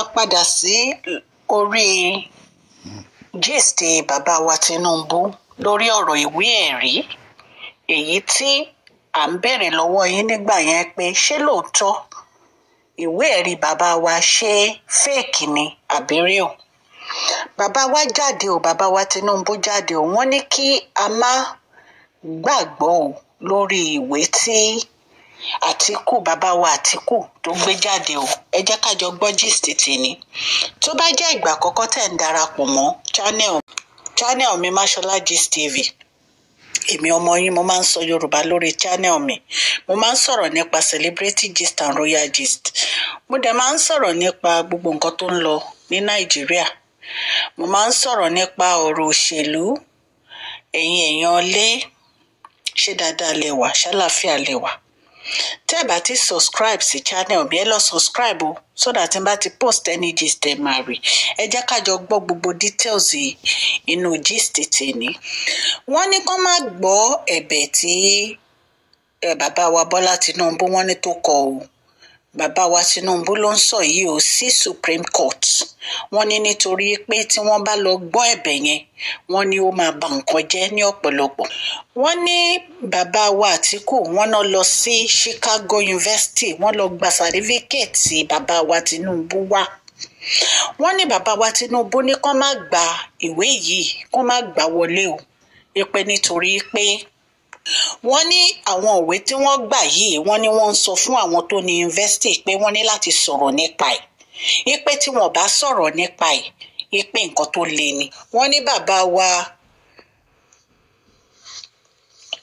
a padà sí orí gist bàbá wa Tinubu lórí ọ̀rọ̀ ìwé ẹ̀rí èyí tí à ń béèrè lọ́wọ́ yín nígbà yẹn pé ṣé lóòótọ́ ìwé ẹ̀rí bàbá wa ṣé fèèkì ni àbírí o bàbá wa jáde o bàbá wa Tinubu jáde o wọ́n ní kí a má gbàgbọ́ o lórí ìwé tí. Tí àtìkù bàbá wa àtìkù tó gbé jáde o ẹ jẹ́ ká jọ gbọ́ gist tìní tó bá jẹ́ ìgbà àkọ́kọ́ tẹ̀ ń darapọ̀ mọ́ channel channel mi mashola gist tv èmi ọmọ yín mo máa ń sọ yorùbá lórí channel mi mo máa ń sọ̀rọ̀ nípa celebrity gist and royal gist mo dẹ̀ máa ń sọ̀rọ̀ nípa gbogbo nǹkan tó ń lọ ní nàìjíríà mo máa ń sọ̀rọ̀ nípa ọ̀rọ̀ òṣèlú ẹ̀yin èèyàn lé ṣé dáadáa lẹ wà ṣàlàáfíà lẹ wà tẹ́ ẹ̀ bá ti subscribe sí channel mi ẹ lọ subscribe o so that n bá ti post any gist ẹ máa rí ẹ jẹ́ ká jọ gbọ́ gbogbo details inú gist tèmi. wọ́n ní kán má gbọ́ ẹ̀bẹ̀ tí eh, bàbá wa Bọ́lá Tinubu wọ́n ní tó kọ o bàbá wa Tinubu ló ń sọ yìí ó sí Supreme Court wọ́n ní nítorí pé tí wọ́n bá lọ gbọ́ ẹ̀bẹ̀ yẹn wọ́n ní ó máa bà nǹkan jẹ́ ní ọ̀pọ̀lọpọ̀ wọ́n ní bàbá wa Àtíkù wọ́n náà lọ sí Chicago University wọ́n lọ gba sàrífíkẹẹtì bàbá wa Tinubu wá wọ́n ní bàbá wa Tinubu ní kó má gba ìwé yìí kó má gbà wọlé o ìpè nítorí pé wọ́n ní àwọn òwe tí wọ́n gbà yìí wọ́n ní wọ́n ń sọ fún àwọn tó ní yunifásitì pé wọ́n ní láti sọ̀rọ̀ nípa ẹ̀ ipe tí wọ́n bá sọ̀rọ̀ nípa ẹ̀ ipe nǹkan tó le ni. wọ́n ní bàbá wa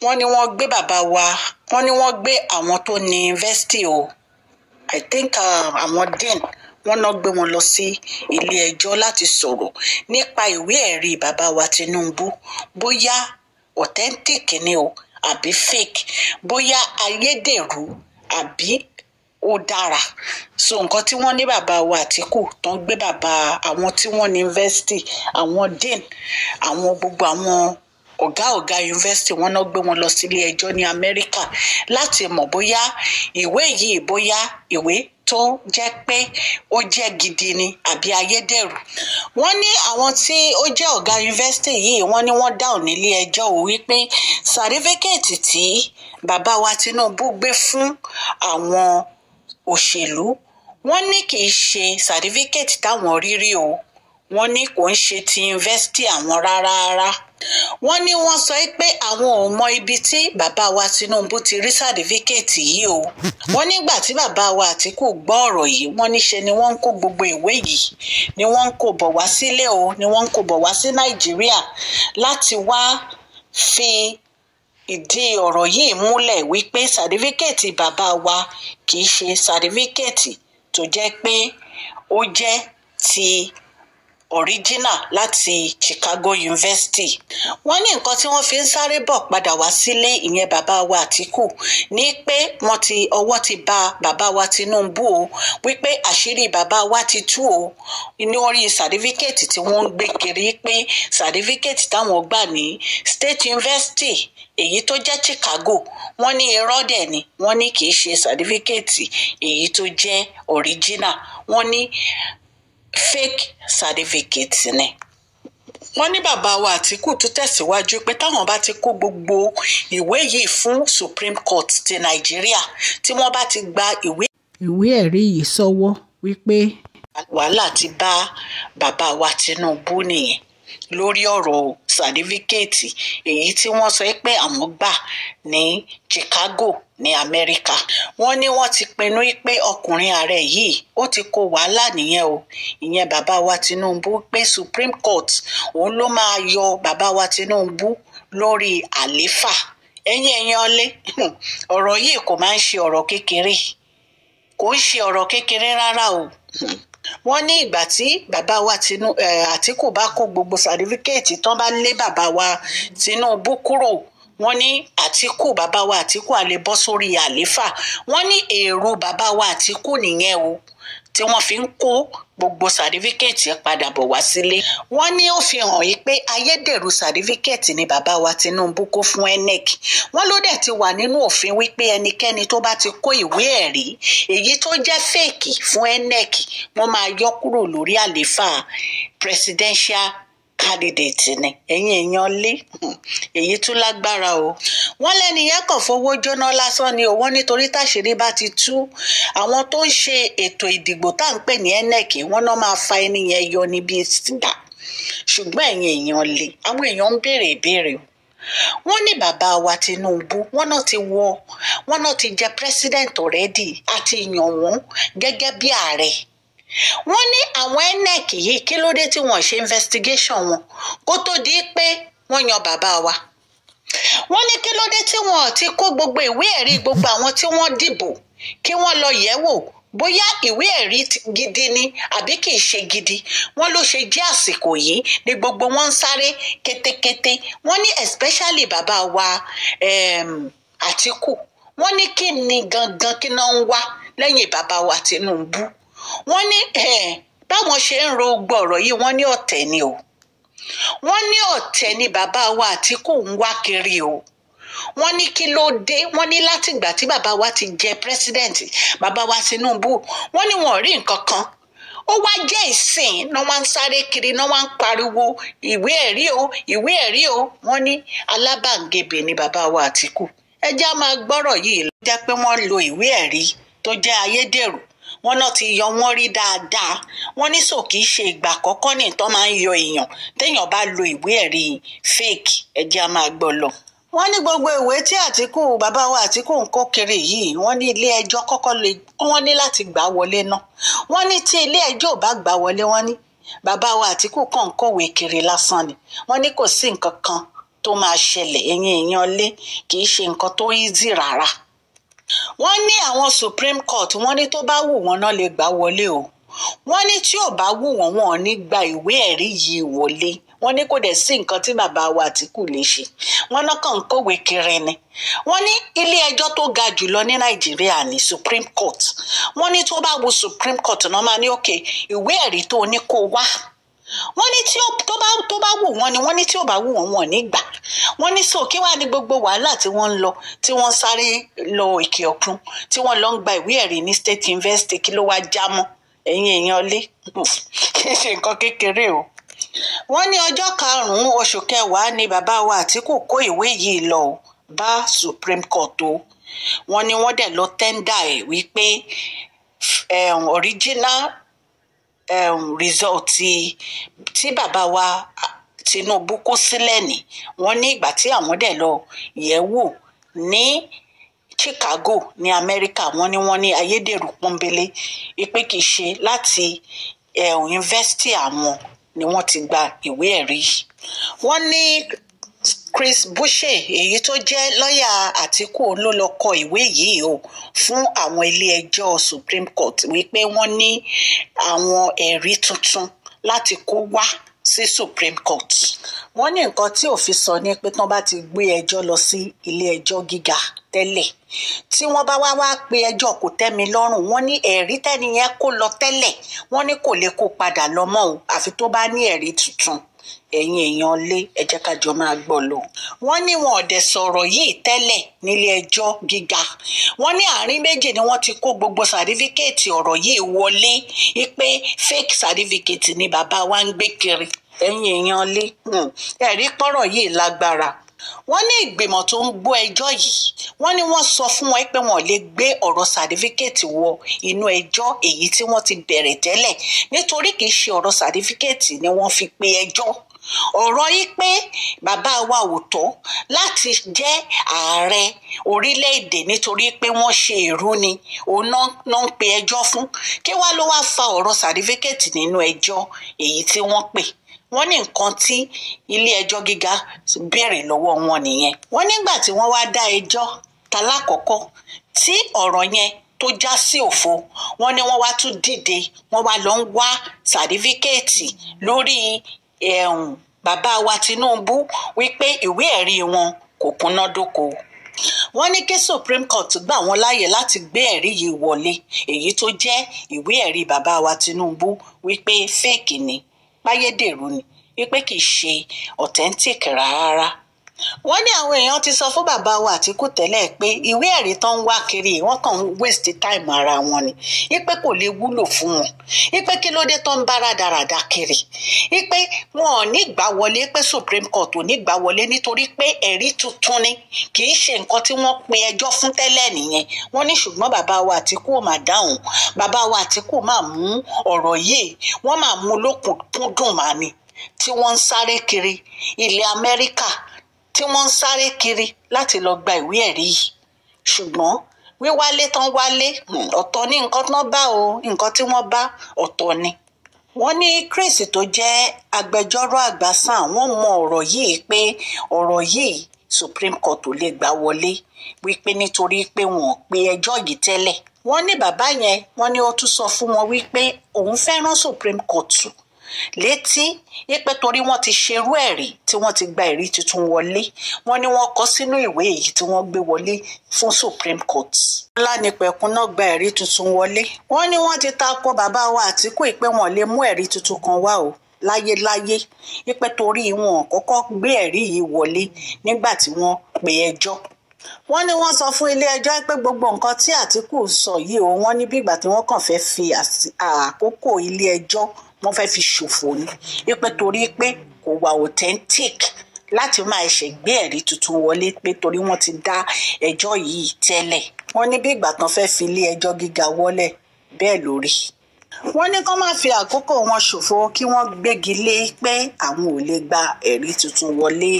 wọ́n ní wọ́n gbé bàbá wa wọ́n ní wọ́n gbé àwọn tó ní yunifásitì o i think uh, àwọn uh, dean wọ́n náà gbé wọn lọ sí ilé ẹjọ́ láti sọ̀rọ̀ nípa ìwé ẹ̀rí bàbá wa Tinubu bóyá authentic ni o àbí fake bóyá ayédèrú àbí ó dára so nǹkan tí wọ́n ní bàbá wa Àtíkù tó ń gbé bàbá àwọn tí wọ́n ní yunifásitì àwọn dean àwọn gbogbo àwọn ọ̀gá ọ̀gá yunifásitì wọn náà gbé wọn lọ sílé ẹjọ́ ní Amẹ́ríkà láti mọ̀ bóyá ìwé yìí bóyá ìwé tó jẹ́ pé ó jẹ́ gidi ni àbí ayédèrú wọ́n ní àwọn tí ó jẹ́ ọ̀gá yunifásitì yìí wọ́n ní wọ́n dáhùn nílé ẹjọ́ ò wípé sàrífíkẹ́ẹ̀tì tí bàbá wa Tinubu gbé fún àwọn òṣèlú wọ́n ní kì í ṣe sàrífíkẹ́ẹ̀tì táwọn rírí o wọ́n ní kò ń ṣe ti yunifásitì àwọn rárá rárá wọ́n ní wọ́n sọ pé àwọn ò mọ ibi tí bàbá wa Tinubu ti rí sàtífíkẹ́ẹ̀tì yìí o wọ́n nígbà tí bàbá wa Àtìkù gbọ́ ọ̀rọ̀ yìí wọ́n níṣe ni wọ́n ń kó gbogbo ìwé yìí ni wọ́n ń kó bọ̀ wá sílé o ni wọ́n ń kó bọ̀ wá sí Nàìjíríà láti wá fi ìdí ọ̀rọ̀ yìí múlẹ̀ wípé sàtífíkẹ́ẹ̀tì bàbá wa kì í ṣe sàtífíkẹ́ẹ̀tì tó jẹ́ pé ó jẹ́ ti original láti Chicago University wọ́n ní nǹkan tí wọ́n fi ń sáré bọ̀ padà wá sílé ìyẹn bàbá wa Àtìkù ní pé wọ́n ti ọwọ́ ti ba bàbá wa Tinubu o wípé àṣírí bàbá wa ti tú o ní orí sàtífíkẹ́ẹ̀tì tí wọ́n ń gbé kiri pé sàtífíkẹ́ẹ̀tì táwọn gbà ní State University èyí tó jẹ́ Chicago wọ́n ní irọ́ dẹ̀ ni wọ́n ní kì í ṣe sàtífíkẹ́ẹ̀tì èyí tó jẹ́ original wọ́n ní fake certificate ni wọ́n ní bàbá wa àtìkù tó tẹ̀síwájú pé táwọn bá ti kó gbogbo ìwé yìí fún Supreme Court ti Nàìjíríà tí wọ́n bá ti gba ìwé. ìwé ẹ̀rí yìí sọ́wọ́ wípé. wàhálà ti bá bàbá wa Tinubu nìyẹn lórí ọ̀rọ̀ sàtífíkẹ́ẹ̀tì èyí tí wọ́n sọ pé àwọn gbà ní Chicago ní Amẹ́ríkà wọ́n ní wọ́n ti pinnu pé ọkùnrin ààrẹ yìí ó ti kó wàhálà nìyẹn o ìyẹn bàbá wa Tinubu pé Supreme Court òun ló máa yọ bàbá wa Tinubu lórí àléfà ẹ̀yin ẹ̀yin ọlé ọ̀rọ̀ yìí kò máa ń ṣe ọ̀rọ̀ kékeré kò ń ṣe ọ̀rọ̀ kékeré rárá o wọ́n ní ìgbà tí bàbá wa Àtíkù bá kó gbogbo sàrífíkẹ́ẹ̀tì tán bá lé bàbá wa Tinubu kúrò wọ́n ní Àtíkù bàbá wa Àtíkù àlè bọ́ sórí àléfà wọ́n ní èrò bàbá wa Àtíkù nìyẹn o tí wọ́n fi ń kó gbogbo sàrífíkẹ́ẹ̀tì padà bọ̀ wá sílé. wọ́n ní ó fi hàn yí pé ayédèrú sàrífíkẹ́ẹ̀tì ni bàbá wa Tinubu kó fún INEC wọ́n ló dẹ̀ ti wà nínú òfin wípé ẹnikẹ́ni tó bá ti kó ìwé ẹ̀rí èyí tó jẹ́ fẹ́ẹ̀kì fún INEC wọ́n máa yọ kúrò lórí àlééfà presidential candidate ni ẹ̀yin èèyàn lé èyí tún lágbára o wọ́n lẹ́ni yẹn kàn fowó jóná lásán ni òun nítorí táṣírí bá ti tú àwọn tó ń ṣe ètò ìdìbò tá à ń pè ní INEC wọ́n náà máa fa ẹni yẹn yọ níbi sígbà ṣùgbọ́n ẹ̀yin èèyàn lè àwọn èèyàn ń béèrè ìbéèrè o wọ́n ní bàbá wa Tinubu wọ́n náà ti wọ wọ́n náà ti jẹ́ president already àti yàn wọ́n gẹ́gẹ́ bí ààrẹ wọ́n ní àwọn INEC yìí kí ló dé tí wọ́n ṣe investigation wọn kó tó di pé wọ́n yan bàbá wa wọ́n ní kí ló dé tí wọ́n ti kó gbogbo ìwé ẹ̀rí gbogbo àwọn tí wọ́n dìbò kí wọ́n lọ yẹ̀ wò bóyá ìwé ẹ̀rí gidi ni àbí kì í ṣe gidi wọ́n ló ṣe jẹ́ àsìkò yìí ni gbogbo wọn ń sáré kétékété wọ́n ní especially bàbá wa um, ehm, Àtíkù wọ́n ní kí ni gangan kí náà ń wá lẹ́yìn bàbá wa Tinubu wọ́n ní eh, báwọn ṣe ń ro gbọ̀rọ̀ yìí wọ́n ní ọ̀tẹ̀ ni o. Eh, wọ́n ní ọ̀tẹ̀ ni bàbá wa Àtíkù ń wá kiri o wọ́n ní kí ló dé wọ́n ní látìgbà tí bàbá wa ti jẹ president bàbá wa Tinubu wọ́n ní wọn ò rí nǹkan kan ó wá jẹ́ ìsìn náà wá ń sáré kiri náà wá ń pariwo ìwé ẹ̀rí o ìwé ẹ̀rí o wọ́n ní alábàǹgebè ni bàbá wa Àtíkù ẹ já máa gbọ́rọ̀ yìí lọ jẹ́ pé wọ́n lo ìwé ẹ̀rí tó jẹ́ ayédèrú wọ́n náà ti yọ wọ́n rí dáadáa wọ́n ní sò kìí ṣe ìgbà àkọ́kọ́ ní ìtàn máa ń yọ èèyàn téèyàn bá lo ìwé ẹ̀rí fake ẹ̀jẹ̀ a máa gbọ́ lọ. wọ́n ní gbogbo ìwé tí àtìkù bàbá wa àtìkù ń kó kiri yìí wọ́n ní ilé ẹjọ́ kọ́kọ́ lè wọ́n ní láti gbà wọlé náà wọ́n ní tí ilé ẹjọ́ ò bá gbà wọlé wọ́n ní bàbá wa àtìkù kàn kọ̀wé kiri lásán ni wọ́n ní kò sí nǹkan kan tó máa ṣẹlẹ̀ ẹ̀yìn èèyàn lé kì í ṣe nǹkan tó easy rárá wọ́n ní àwọn Supreme Court wọ́n ní tó bá wù wọ́n náà lè gbà wọlé o wọ́n ní tí ò bá wù wọ́n wọn ò ní gba ìwé ẹ̀rí yìí wọlé wọ́n ní kò dẹ̀ sí nǹkan tí bàbá wa Àtìkù lè ṣe wọ́n náà kàn ń kówé kiri ni wọ́n ní ilé ẹjọ́ tó ga jùlọ ní Nàìjíríà ní Supreme Court wọ́n ní tó bá wù Supreme Court náà máa ní òkè ìwé ẹ̀rí tó ní kó wá wọ́n ní tí tó bá tó bá wù wọ́n ni wọ́n ní tí ò bá wù wọ́n wọ́n ní gbà wọ́n ní so kí wàá ní gbogbo wàhálà tí wọ́n ń lọ tí wọ́n sáré lọ òkè òkun tí wọ́n lọ ń gba ìwé ẹ̀rí ní state university kí ló wá já mọ́ ẹ̀yin èèyàn lé kì í ṣe nǹkan kékeré o. wọ́n ní ọjọ́ karùn-ún oṣù kẹwàá ni bàbá wa Àtíkù kó ìwé yìí lọ bá Supreme Court o wọ́n ní wọ́n dẹ̀ lọ tẹ́ńdà ẹ̀ wípé um, original um, result ti tí bàbá wa Tinubu kó sílẹ̀ ní wọ́n ní ìgbà tí àwọn dẹ̀ lọ yẹ̀ wò ní Chicago ní Amẹ́ríkà wọ́n ní wọ́n ní ayédèrú pọ́nbélé ipe kì í ṣe láti um, yunifásitì àwọn ni wọ́n ti gba ìwé ẹ̀rí wọ́n ní Chris Bushin èyí tó jẹ́ lọ́ọ̀yà Àtìkù ló lọ kọ ìwé yìí o fún àwọn ilé-ẹjọ́ Supreme Court wípé wọ́n ní àwọn ẹ̀rí tuntun láti kó wá sí Supreme Court wọ́n ní nǹkan tí òfin sọ ni pé tí wọ́n bá ti gbé ẹjọ́ lọ sí ilé-ẹjọ́ gíga tẹ́lẹ̀ tí wọ́n bá wá wá pe ẹjọ́ kò tẹ́mi lọ́rùn wọ́n ní ẹ̀rí tẹ́niyẹn kó lọ tẹ́lẹ̀ wọ́n ní kò lè kó padà lọ mọ́ o àfi tó bá ní ẹ̀rí tuntun ẹ̀yin èèyàn lé ẹ jẹ́ ká jọ máa gbọ́ lò. wọ́n ní wọn ọ̀dẹ̀ sọ̀rọ̀ yìí tẹ́lẹ̀ nílé ẹjọ́ gíga wọ́n ní àárín méjì ni wọ́n ti kó gbogbo sàrífíkẹ́ẹ̀tì ọ̀rọ̀ yìí wọlé wípé fake sàrífíkẹ́ẹ̀tì ni bàbá wa ń gbé kiri ẹ̀yin èèyàn lé hmm, ẹ̀rí pọ́rọ̀ yìí lágbára wọ́n ní ìgbìmọ̀ tó ń gbọ́ ẹjọ́ yìí wọ́n ní wọ́n sọ fún wọn pé wọ́n lè gbé ọ̀rọ̀ sàtífíkẹ́ẹ̀tì wọ inú ẹjọ́ èyí tí wọ́n ti bẹ̀rẹ̀ tẹ́lẹ̀ nítorí kì í ṣe ọ̀rọ̀ sàtífíkẹ́ẹ̀tì ni wọ́n fi pe ẹjọ́ ọ̀rọ̀ yìí pé bàbá wa ò tọ́ láti jẹ́ ààrẹ orílẹ̀-èdè nítorí pé wọ́n ṣe èrú ni òun náà ń pe ẹjọ́ fún kí wá ló wá fa ọ̀rọ̀ sàtífíkẹ́ẹ̀tì nínú ẹjọ́ èyí tí wọ́n pè wọ́n ní nǹkan tí ilé-ẹjọ́ gíga béèrè lọ́wọ́ wọn nìyẹn wọ́n nígbà tí wọ́n wá dá ẹjọ́ talákọ̀ọ́kọ́ tí ọ̀rọ̀ yẹn tó já sí òfo wọ́n ní wọ́n wá tún dìde wọ́n wá lọ ń wá sàtífíkẹ́ẹ̀tì lórí ẹ̀hún bàbá wa Tinubu wípé ìwé ẹ̀rí wọn kò kúnná dóko wọ́n ní kí Supreme Court gbà wọ́n láàyè láti gbé ẹ̀rí yìí wọlé èyí tó jẹ́ ìwé ẹ̀rí bàbá wa Tinubu wípé fẹ́ẹ̀kì ni páyédèrú ni wípé kì í ṣe authentic rárá wọ́n ní àwọn èèyàn ti sọ fún bàbá wa Àtíkù tẹ́lẹ̀ pé ìwé ẹ̀rí tán ń wá kiri wọ́n kàn ń waste time ara wọn ni ipe kò lè wúlò fún wọn ipe kí ló dé tán ń bá rádaràda kiri ipe wọn ò ní gbà wọlé pé Supreme Court ò ní gbà wọlé nítorí pé ẹ̀rí tuntun ni kì í ṣe nǹkan tí wọ́n pin ẹjọ́ fún tẹ́lẹ̀ nìyẹn wọ́n ní ṣùgbọ́n bàbá wa Àtíkù máa dáhùn bàbá wa Àtíkù máa mú ọ̀rọ̀ yìí wọ́n máa mú lókùnkúndùn màá ni tí ilẹ̀ Amẹ́ríkà tí wọ́n ń sáré kiri láti lọ gba ìwé ẹ̀rí yìí ṣùgbọ́n wíwálé tán wálé hmm, ọ̀tọ̀ ní nǹkan tán bá o nǹkan tí wọ́n bá ọ̀tọ̀ ni. wọ́n ní Chris tó jẹ́ agbẹjọ́rò àgbà SAN wọ́n mọ ọ̀rọ̀ yìí pé ọ̀rọ̀ yìí Supreme Court ò lè gbà wọlé wípé nítorí pé wọn ò pe ẹjọ́ yìí tẹ́lẹ̀ wọ́n ní bàbá yẹn wọ́n ní ó tún sọ fún wọn wípé òun fẹ́ràn Supreme Court tù létí yípe torí wọ́n ti ṣerú ẹ̀rí tí wọ́n ti gba ẹ̀rí tuntun wọlé wọ́n ní wọ́n kọ sínú ìwé èyí tí wọ́n gbé wọlé fún Supreme Court. Ọlánipẹ̀kun náà gba ẹ̀rí tuntun wọlé wọ́n ní wọ́n ti ta ko bàbá wa Àtíkù pé wọ́n lè mú ẹ̀rí tuntun kan wá o láyéláyé yípe torí wọn kọ́kọ́ gbé ẹ̀rí yìí wọlé nígbà tí wọ́n pe ẹjọ́ wọ́n ní wọ́n sọ fún ilé-ẹjọ́ pé gbogbo nǹkan tí àtìkù sọ yìí o wọ́n ní bí ìgbà tí wọ́n kàn fẹ́ fi àkókò ilé-ẹjọ́ wọ́n fẹ́ fi ṣòfò ni wípé torí pé kò wà authentic láti máa ṣègbé ẹ̀rí tuntun wọlé pé torí wọ́n ti dá ẹjọ́ yìí tẹ́lẹ̀ wọ́n ní bí ìgbà kan fẹ́ fi ilé-ẹjọ́ gíga wọlẹ̀ bẹ́ẹ̀ lórí wọ́n ní kó má fi àkókò wọn ṣòfò kí wọ́n gbégi lé pé àwọn ò lè gba ẹ̀rí tuntun wọlé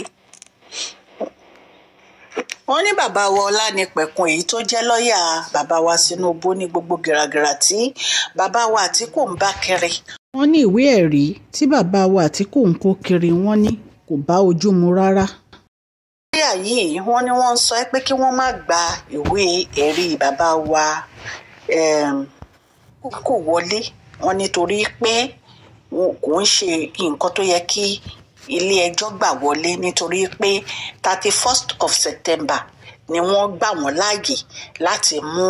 wọ́n ní bàbá wa ọlánipẹ̀kun èyí tó jẹ́ lọ́ọ̀yà bàbá wa Tinubu ní gbogbo gìràgìrà tí bàbá wa Àtíkù ń bá kiri. wọ́n ní ìwé ẹ̀rí tí bàbá wa Àtíkù ń kó kiri wọ́n ní kò bá ojú mu rárá. nàìjíríà yìí wọ́n ní wọ́n ń sọ pé kí wọ́n má gba ìwé ẹ̀rí bàbá wa kò wọlé wọ́n nítorí pé kò ń ṣe nǹkan tó yẹ kí ilé ẹjọ́ gbà wọlé nítorí pé thirty first of September ni wọ́n gbà wọ́n láàyè láti mú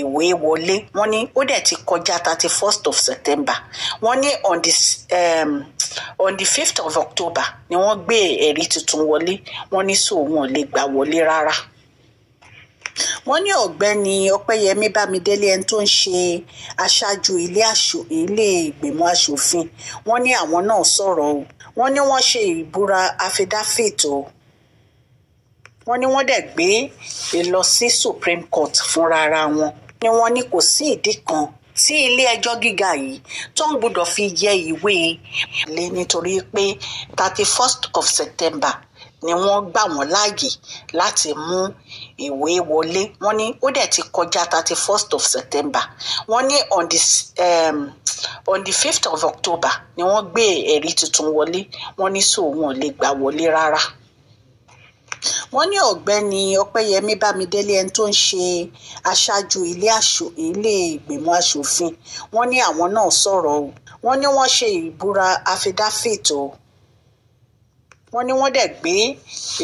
ìwé wọlé wọ́n ní ó dẹ̀ ti kọjá thirty first of September wọ́n ní on the um, on the fifth of October ni wọ́n gbé ẹ̀rí tuntun wọlé wọ́n ní so wọn ò lè gbà wọlé rárá wọ́n ní ọ̀gbẹ́ni ọpẹ́yẹmí bámidélé ẹni tó ń ṣe aṣáájú ilé ìgbìmọ̀ asòfin wọ́n ní àwọn náà sọ̀rọ̀ o wọ́n ní wọ́n ṣe ìbúra affidavit o wọ́n ní wọ́n dẹ̀ gbé e lọ sí Supreme Court fúnra wọn ni wọ́n ní kò sí ìdí kan sí ilé ẹjọ́ gíga yìí tó ń gbọ́dọ̀ fi yẹ ìwé lé nítorí pé thirty first of September ni wọ́n gbà wọ́n láàyè láti mú ìwé wọlé wọ́n ní ó dẹ̀ ti kọjá thirty first of September wọ́n ní on this um, on the fifth of October ni wọ́n gbé ẹ̀rí tuntun wọlé wọ́n ní so wọn ò lè gbà wọlé rárá wọ́n ní ọ̀gbẹ́ni ọpẹ́yẹmí bámidélé ẹni tó ń ṣe aṣáájú ilé ìgbìmọ̀ asòfin wọ́n ní àwọn náà sọ̀rọ̀ o wọ́n ní wọ́n ṣe ìbúra affidavit o ní wọ́n dẹ̀ gbé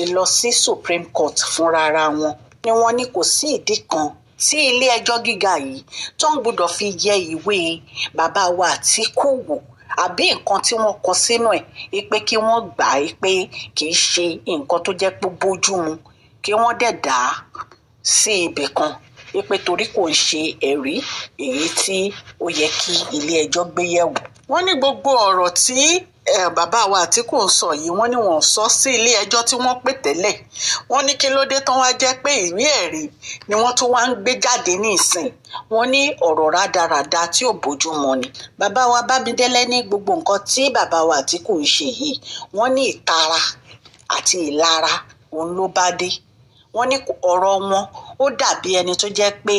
e lọ sí supreme court fúnra ara wọn ni wọ́n ní kò sí ìdí kan sí ilé ẹjọ́ gíga yìí tó ń gbọ́dọ̀ fi yẹ ìwé bàbá wa Àtíkù wò àbí nǹkan tí wọ́n kọ sínú ẹ̀ pé kí wọ́n gbà á pé kì í ṣe nǹkan tó jẹ́ pé bójú mu kí wọ́n dẹ̀ dá sí ibì kan pé torí kò ń ṣe ẹ̀rí èyí tí ó yẹ kí ilé gbé yẹ̀wò. wọ́n ní gbogbo ọ̀rọ̀ tí Eh, bàbá wa Àtíkù ń sọ yìí wọ́n ní wọ́n sọ sí ilé ẹjọ́ tí wọ́n pè tẹ́lẹ̀ wọ́n ní kí ló dé tán wá jẹ́ pé ìwé ẹ̀rí ni wọ́n tún wá ń gbé jáde ní ìsìn wọ́n ní ọ̀rọ̀ rádaràda tí ò bójú mu ni bàbá wa Bámidélé ní gbogbo nǹkan tí bàbá wa Àtíkù ń ṣe yìí wọ́n ní ìtara àti ìlara òun ló bá dé wọ́n ní ọ̀rọ̀ wọn ó dàbí ẹni tó jẹ́ pé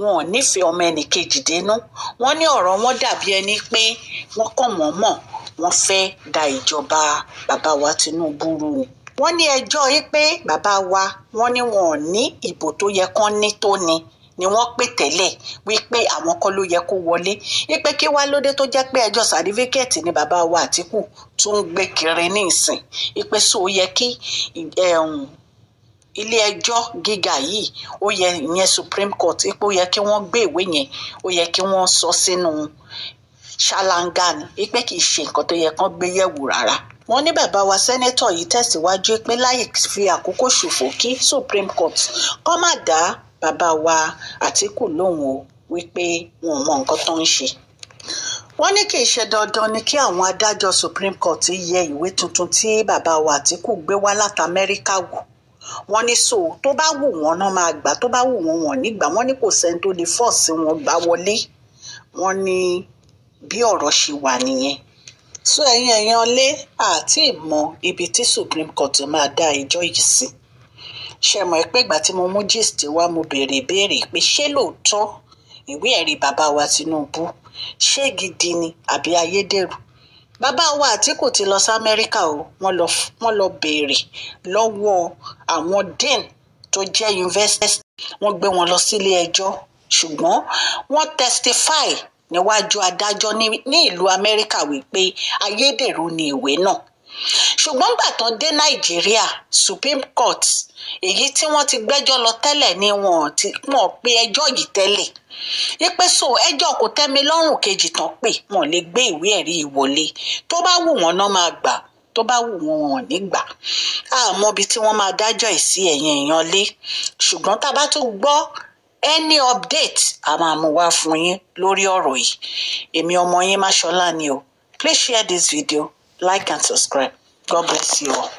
wọn ò nífẹ̀ẹ́ ọmọ ẹnì kejì dénú wọ́n ní ọ̀rọ̀ wọn dàbí ẹni pé wọ́n kàn wọ́n mọ̀ wọ́n fẹ́ da ìjọba bàbá wa Tinubu rú ni wọ́n ní ẹjọ́ yìí pé bàbá wa wọ́n ní wọn ò ní ìbò tó yẹ kán ní tó ni ni wọ́n pè tẹ́lẹ̀ wípé àwọn kọ́ ló yẹ kó wọlé wípé kí wá lóde tó jẹ́ pé ẹjọ́ sàrífíkẹ́ẹ̀tì ni bàbá wa Àtìkù tó ń gbé kiri ní ìsìn wípé so yẹ kí ilé ẹjọ́ gíga yìí ó yẹ ìyẹn Supreme Court wípé ó yẹ kí wọ́n gbé ìwé yẹn ó yẹ kí wọ́n sọ sínú ṣáláńgá ni wípé kì í ṣe nǹkan tó yẹ kán gbé yẹ̀wò rárá wọ́n ní bàbá wa sẹ́nẹ́tọ̀ yìí tẹ̀síwájú pé láì fi àkókò ṣòfò kí Supreme Court kọ́ má dá bàbá wa Àtíkù lóhùn o wípé wọn ò mọ nǹkan tó ń ṣe wọ́n ní kì í ṣe dandan ni kí àwọn adájọ́ Supreme Court yẹ ìwé tuntun tí bàbá wa Àtíkù gbé wá láti Amẹ́ríkà wò wọ́n ní so tó bá wù wọ́n náà máa gbà tó bá wù wọ́n wọ́n nígbà wọ́n ní kò sẹ́ni tó lè fọ́ọ̀sì wọn gbà wọlé wọ́n ní bí ọ̀rọ̀ ṣe wà nìyẹn so ẹ̀yin èèyàn lé àti ìmọ̀ ibi tí supreme court máa dá ẹjọ́ yìí sí ṣe mọ̀ pé ìgbà tí mo mú gist wá mo béèrè ìbéèrè pé ṣé lóòótọ́ ìwé ẹ̀rí bàbá wa Tinubu ṣé gidi ni àbí ayédèrú bàbá wa Àtíkù ti lọ sí Amẹ́ríkà o wọ́n lọ béèrè lọ́wọ́ àwọn dean tó jẹ́ university wọ́n gbé wọn lọ sílé ẹjọ́ ṣùgbọ́n wọ́n testify níwájú adájọ́ ní ìlú amẹ́ríkà wípé ayédèrú ni ìwé náà ṣùgbọ́n gbà tán dé nàìjíríà supreme court èyí tí wọ́n ti gbẹ́jọ́ lọ tẹ́lẹ̀ ni wọ́n ti mọ̀ pé ẹjọ́ yìí tẹ́lẹ̀ ipe so ẹjọ́ kò tẹ́mi lọ́rùn kejì tán pé wọ́n lè gbé ìwé ẹ̀rí ìwọlé tó bá wù wọ́n náà máa gbà tó bá wù wọ́n wọ́n nígbà àmọ́ ibi tí wọ́n máa dájọ́ ẹ̀ sí ẹ̀yìn èèyàn lé ṣùgbọ́n tá a bá tún gbọ́ any update a máa mú wá fún yín lórí ọ̀rọ̀ yìí èmi ọmọ yín máṣọlá ni o please share this video like and subscribe god bless you all.